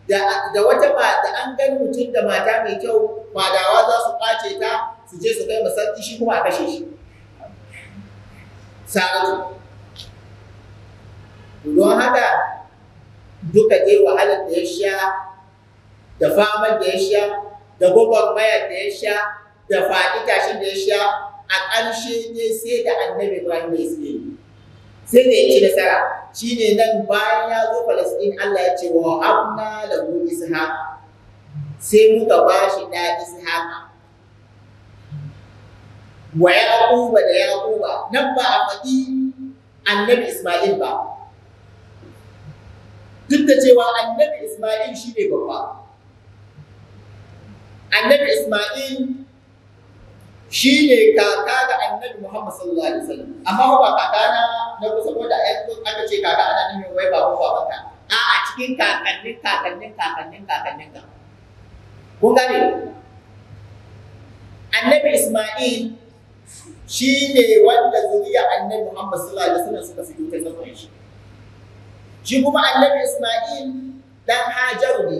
Speaker 1: da wata da an gani mutum da mata mai kyau fadawa za su kwace ta su je su kai ma sarki shi kuma a kashe shi saratu don haka duka dai wahalar da ya sha da famar da ya sha da gwagwarmayar da ya sha da faɗi tashin da ya sha a ƙarshe ne sai da annabi Ibrahim ya tsaye sai da ya ci nasara ne nan bayan ya zo Falasɗin Allah ya ce wa habna lahu ishaq sai muka ba shi ɗa ishaq wa yaquba da yaquba nan ba a faɗi annabi Isma'il ba duk da cewa annabi Isma'il shi ne babba annabi Ismail shi ne kaka ga annabi Muhammad sallallahu alaihi wasallam amma ba kaka na na kusa ko da aka ce kaka ana nufin wai ba ko babanka a'a cikin kakannin kakannin kakannin kakannin ka kun gane annabi Ismail shi ne wanda zuriya annabi Muhammad sallallahu alaihi wasallam suka fito ta zafin shi shi kuma annabi Ismail dan Hajaru ne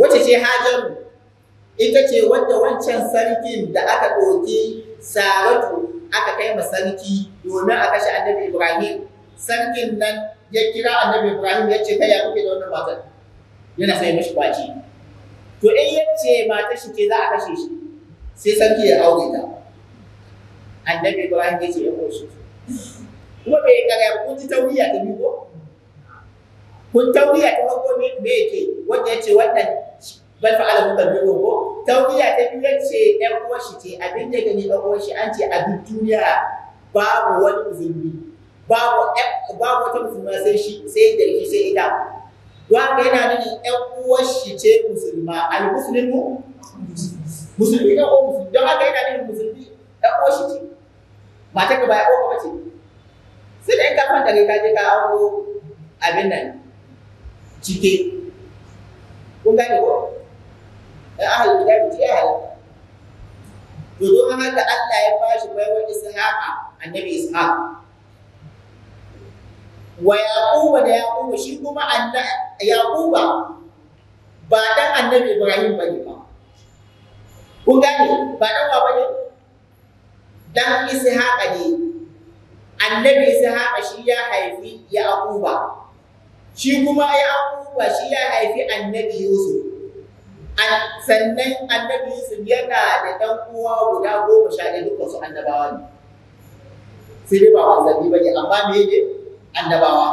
Speaker 1: wace ce Hajaru ita ce wadda wancan sarkin da aka ɗauki saratu aka kai ma sarki domin a kashe annabi ibrahim sarkin nan ya kira annabi ibrahim ya ce kai kuke da wannan matar yana sai mashi kwaci to in ya ce matar shi ce za a kashe shi sai sarki ya aure ta annabi ibrahim ya ce ya koshi kuma bai kare kun ji tauriya ta biyu ko kun tauriya ta farko me yake wanda ya ce wannan bal fa ala kabiru ko tawbiya ta biyu ce ɗan uwar ce abin da gani ɗan uwar an ce a duk duniya babu wani musulmi babu babu wata musulma sai shi sai da shi sai ita don yana nuni ɗan uwar shi ce musulma al muslimu musulmi ne ko musulmi don haka yana nuni musulmi ɗan uwar shi ce mata ka baya uwar ce sai da ka fanta ka je ka auro abin nan cike kun gane ko da ahal da ce halaka to don haka Allah ya bashi baiwar ishaqa annabi ishaq wa yaquba da yaquba shi kuma yaquba ba dan annabi ibrahim bane ba kun gane ba dan wa bane dan ishaqa ne annabi ishaqa shi ya haifi yaquba shi kuma yaquba shi ya haifi annabi yusuf sannan annabi Yusuf yana da ɗan uwa guda goma sha ɗaya dukkan su annabawa ne sai dai ba manzanni ba ne amma me ne annabawa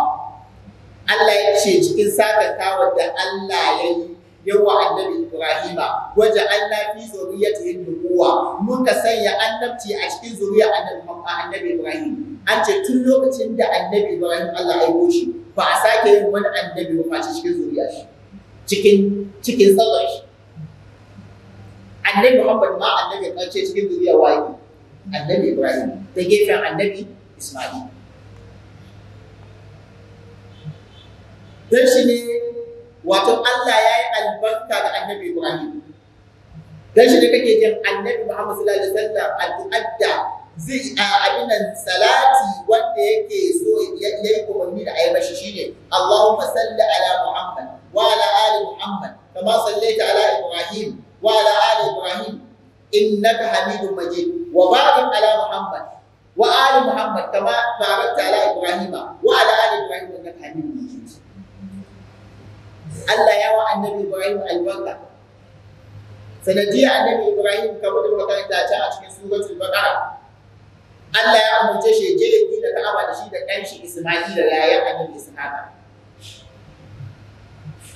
Speaker 1: Allah ya ce cikin sakantawar da Allah ya yi yawa annabi Ibrahima wajen Allah fi zuriyatihi nubuwa muka sanya annabci a cikin zuriya annabi annabi Ibrahim an ce tun lokacin da annabi Ibrahim Allah ya yi shi ba a sake yin wani annabi ba cikin zuriya shi cikin cikin sallar shi annabi Muhammad ma annabi ya ce cikin zuriya waye annabi Ibrahim ta gefen annabi Isma'il dan shi ne wato Allah ya yi albarka ga annabi Ibrahim dan shi ne kake jin annabi Muhammad sallallahu alaihi wasallam addu'ar zai a abinan salati wanda yake so ya yi umarni da ayi shi shine Allahumma salli ala Muhammad wa ala ali Muhammad kama sallaita ala Ibrahim وعلى آل إبراهيم إنك حميد مجيد وبارك على محمد وآل محمد كما باركت على إبراهيم وعلى آل إبراهيم إنك حميد مجيد Allah ya wa annabi Ibrahim albarka sanadiyar annabi Ibrahim kamar da makaranta can a Allah ya amince shi je ya gina Ka'aba da shi da kanshi Isma'ila yayin annabi Ishaqa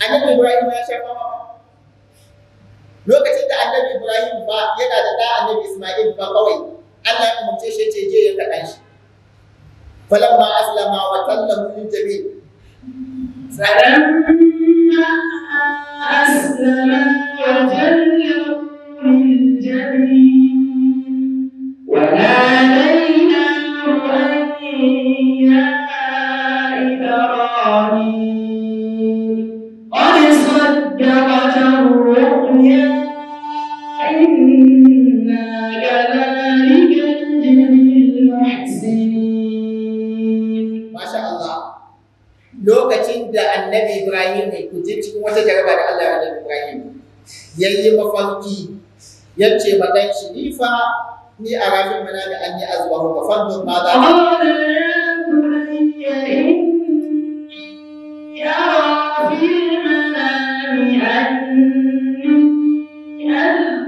Speaker 1: annabi Ibrahim ya shafa lokacin da annabi ibrahim fa yana da da annabi isma'il fa kawai Allah ya umarce shi ce je ya kaɗa shi falamma aslama wa tallahu lil jabin فلما أسلما وتله للجبين وناديناه أن يا إبراهيم قد صدقت الرؤيا da annabi Ibrahim ne ku cikin wata jaraba da Allah annabi Ibrahim ya yi mafarki ya ce ma ɗan shi ni ni a rafin mana da an yi azbahu ka fadlun ma za ka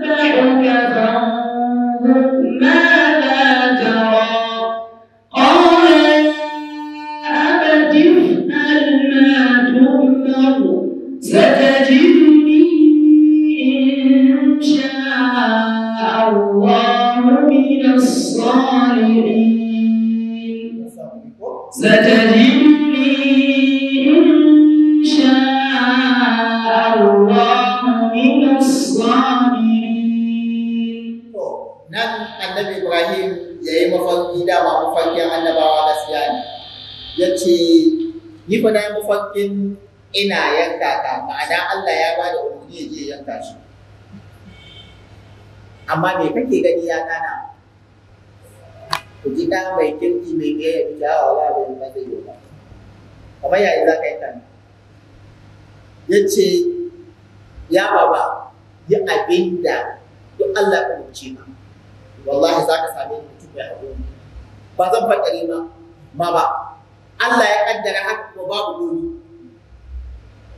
Speaker 1: أذبحك in ina yanka ka ma'ana Allah ya bada umarni ya je yanka shi amma me kake gani ya kana ku ji mai kirki mai gaya da kyawawa ba bai ba zai yi ba kamar yayi za ka yi kan ya ce ya baba yi abin da duk Allah ya wuce ba. wallahi za ka same ni mutum mai haƙuri ba zan faɗa ma ma ba Allah ya kaddara haka ko babu dole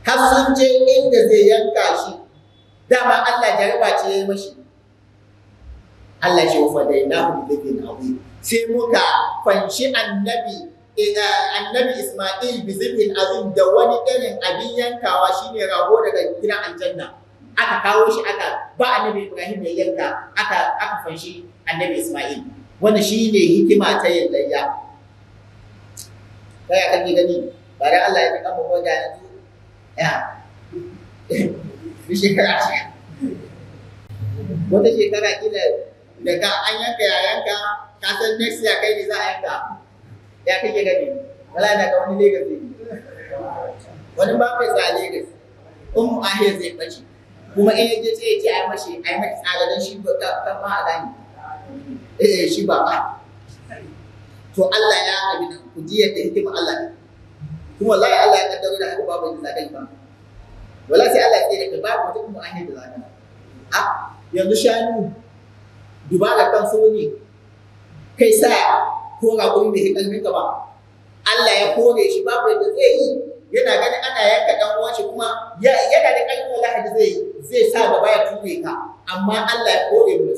Speaker 1: har sun je inda zai yanka shi dama Allah jariba ce ya yi mashi Allah ce wa mu bi dhikrin azim sai muka fanci annabi eh, annabi Isma'il bi zibil azim da wani irin abin yankawa shine rago daga gidan aljanna aka kawo shi aka ba annabi Ibrahim ya yanka aka aka fanci annabi Isma'il wannan shine hikima ta Ba kai akan gani bare Allah ya mu wanda ya shekara ce wata shekara kila daga an yanka ya yanka ka san next year kai ne za a yanka ya kake gani wala da wani Lagos ne wani ba mai tsaya Lagos in ahiyar zai bace kuma in yaje ce yace ai mashi ai mashi tsagadan shi ba ta ba a gani eh shi ba ba to Allah ya abin ku da yadda hikima Allah ne kuma wallahi Allah ya kaddaro da haka babu yadda zaka yi ba wallahi sai Allah ya da kai babu wata kuma ahiyar da zaka a yanzu shanu dubara kan su ne kai sa ko raƙuri da hikalmin ka ba Allah ya kore shi babu yadda zai yi yana ganin ana yanka dan uwa shi kuma yana da ƙarfin wallahi da zai zai sa gaba ya tuke ka amma Allah ya kore mu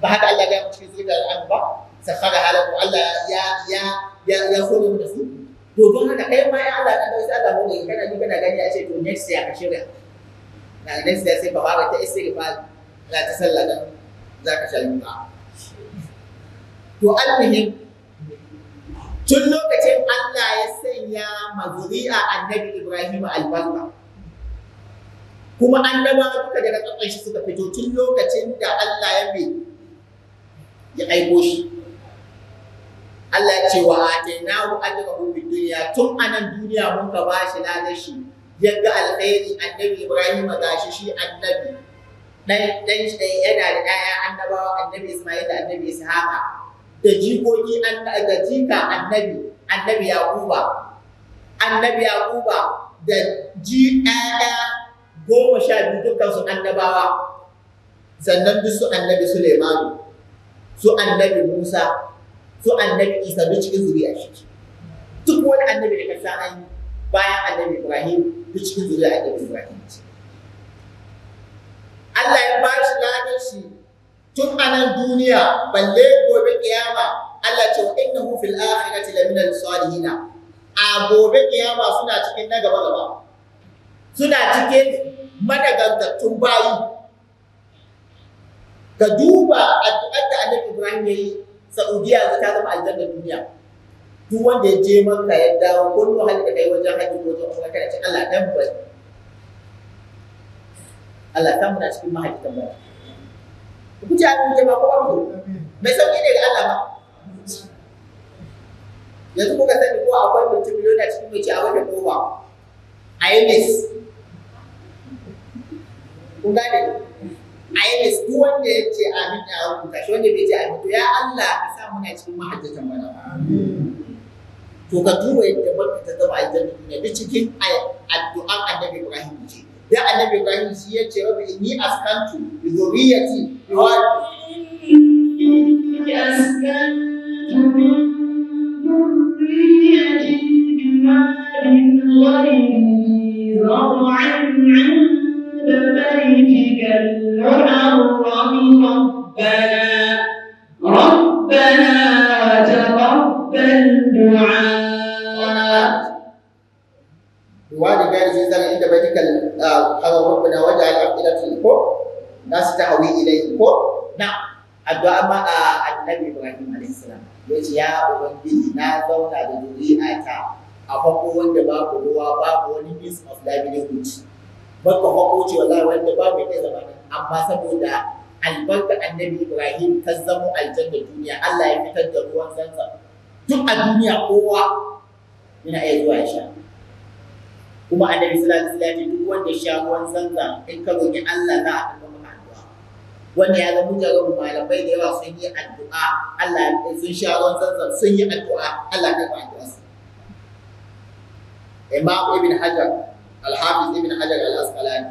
Speaker 1: ba haka Allah ya ga mu cikin zikar al'amba ba sakhara halahu Allah ya ya ya ya hore mu da su to don haka kai ma ya Allah ka dauki Allah mu ne kana ji kana gani a ce to next ya ka shirya na next year sai ka fara ta istighfar za ta sallada za ka shalmi ba to almuhim tun lokacin Allah ya sanya mazuri'a annabi Ibrahim al albarka kuma annaba duka daga shi suka fito tun lokacin da Allah ya bi ya aiko shi
Speaker 2: Allah ce wa
Speaker 1: atainahu ajrahu fid dunya tun anan duniya mun ka bashi ladan shi yadda alkhairi annabi Ibrahim gashi shi annabi dan dan shi yana da ƴaƴa annabawa annabi Isma'il da annabi Ishaqa da jikoki an da jika annabi annabi Yaquba annabi Yaquba da ji ƴaƴa goma sha biyu dukkan su annabawa sannan duk su annabi Sulaiman su annabi Musa su annabi isa duk cikin zuriya shi duk wani annabi da kasa an yi bayan annabi ibrahim duk cikin zuriya annabi ibrahim ce Allah ya bashi shi ladan shi tun anan duniya balle gobe kiyama Allah ce wa innahu fil akhirati laminal salihin a gobe kiyama suna cikin na gaba gaba suna cikin madagantattun bayi ka duba addu'ar da Annabi Ibrahim yayi Saudiya za ta zama aljannar duniya duk wanda ya je maka ya dawo ko nuna hali da kai wajen haji ko wajen kuma kana ce Allah dan bai Allah ta muna cikin mahajjatan mu ku ji abin jama'a ko ku mai sauki ne ga Allah ba yanzu kuka sani ko akwai mutum na cikin mace a wata kowa a yi Ku gane a duk wanda ya ce amin ya rubuta shi wanda bai ce amin to ya Allah ka sa muna cikin mahajjatan bana to ka duba yadda barka ta zama aljanna duniya duk cikin addu'an annabi Ibrahim ce da annabi Ibrahim shi ya ce rabbi inni askantu bi zuriyati bi wa askantu min zuriyati bi ma بيتك المحرم ربنا ربنا وتقبل دعاء والدين زلزال عند بيتك المحرم ربنا واجعل أفئدة الناس تهوي إليه نعم addu'a ma a annabi Ibrahim alaihissalam ya ce ya ubangiji na zauna da zuri'ata a farko wanda babu ruwa babu wani means of livelihood baka wa zai wanda babu ne zamanin amma saboda albarka annabi Ibrahim ta zamo aljanna duniya Allah ya fitar da ruwan zanzan duk a duniya kowa yana iya zuwa ya sha kuma annabi sallallahu alaihi wasallam duk wanda ya sha ruwan zanzan in ka roki Allah za a kama maka addu'a wanda ya zama jarar malamai da yawa sun yi addu'a Allah sun sha ruwan zanzan sun yi addu'a Allah ta ba addu'a Imam Ibn Hajar alhafiz ibn hajar al-asqalani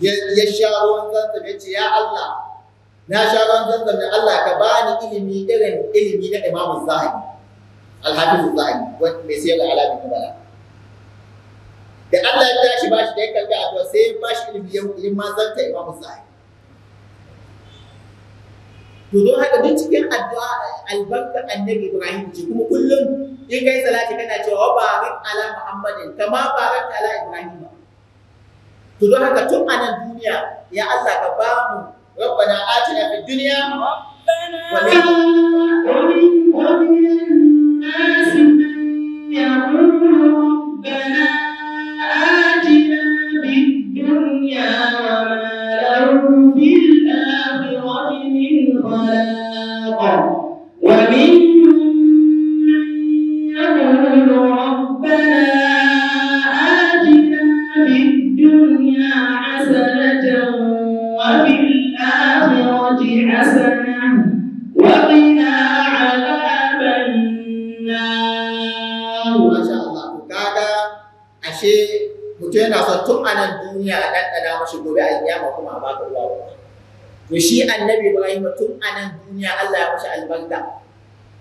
Speaker 1: ya sha ruwan zanzam ya ce ya Allah na sha ruwan zanzam da Allah ka bani ilimi irin ilimi na imamu zahabi
Speaker 2: alhafiz zahabi
Speaker 1: mai sayar da alamin kubala
Speaker 2: da Allah ya tashi ba
Speaker 1: shi da ya kalli a sai bashi ilimi ya mazanta imamu zahabi to don haka duk cikin addu'a albarka annabi Ibrahim ce kuma kullum in kai salati kana cewa ga ala Muhammadin kama ga ala Ibrahim to don haka tun a nan duniya ya Allah ka ba mu rabbana atina fid dunya wa fil akhirati ashe mutum yana son tun a nan duniya a ɗanɗana mashi gobe a kiyama kuma a baka ruwa to shi annabi Ibrahim tun a nan duniya Allah ya mashi albarka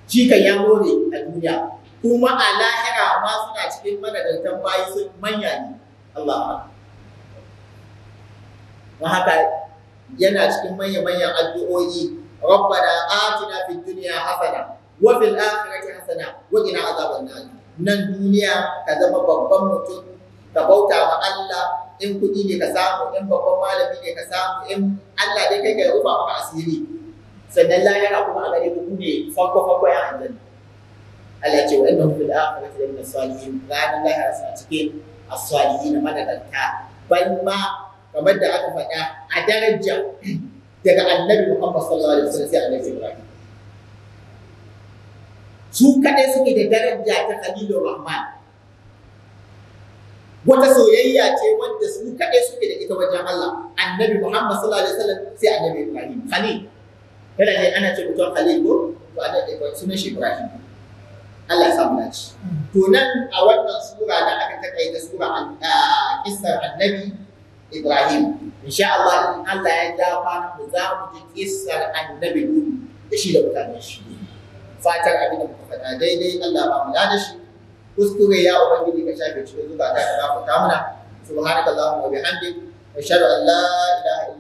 Speaker 1: shi kan ya more a duniya kuma a lahira ma suna cikin managartan bayi sun manya ne Allah ma haka yana cikin manya-manyan addu'o'i rabbana atina fid dunya hasana wa fil akhirati hasana wa qina azaban nar nan duniya ka zama babban mutum ka bauta ma Allah in kuɗi ne ka samu in babban malami ne ka samu in Allah dai kai ka rufa maka asiri sannan yana kuma a gare ku ne farko farko ya hanzari Allah ce wa inna fil akhirati la salihin la salihin ranar lahira suna as-salihin madadanta ban ma kamar da aka faɗa a daraja daga annabi Muhammad sallallahu alaihi wasallam sai annabi Ibrahim su kaɗai suke da daraja ta Khalilur Rahman wata soyayya ce wanda su kaɗai suke da ita wajen Allah annabi Muhammad sallallahu alaihi wasallam sai annabi Ibrahim Khalil yana ne ana ce mutum Khalil ko to annabi Ibrahim sunan shi Ibrahim Allah ya samu dace to nan a wannan sura da aka takaita sura ah, kissar annabi Ibrahim insha Allah in Allah ya dafa mu za mu ji kissar annabi da shi da mutanen shi fatar abin da muka faɗa daidai Allah ba mu da shi kuskure ya ubangiji ka shafe cikin zuciya ta ka gafarta mana subhanakallahumma wa bihamdik ashhadu an la ilaha illa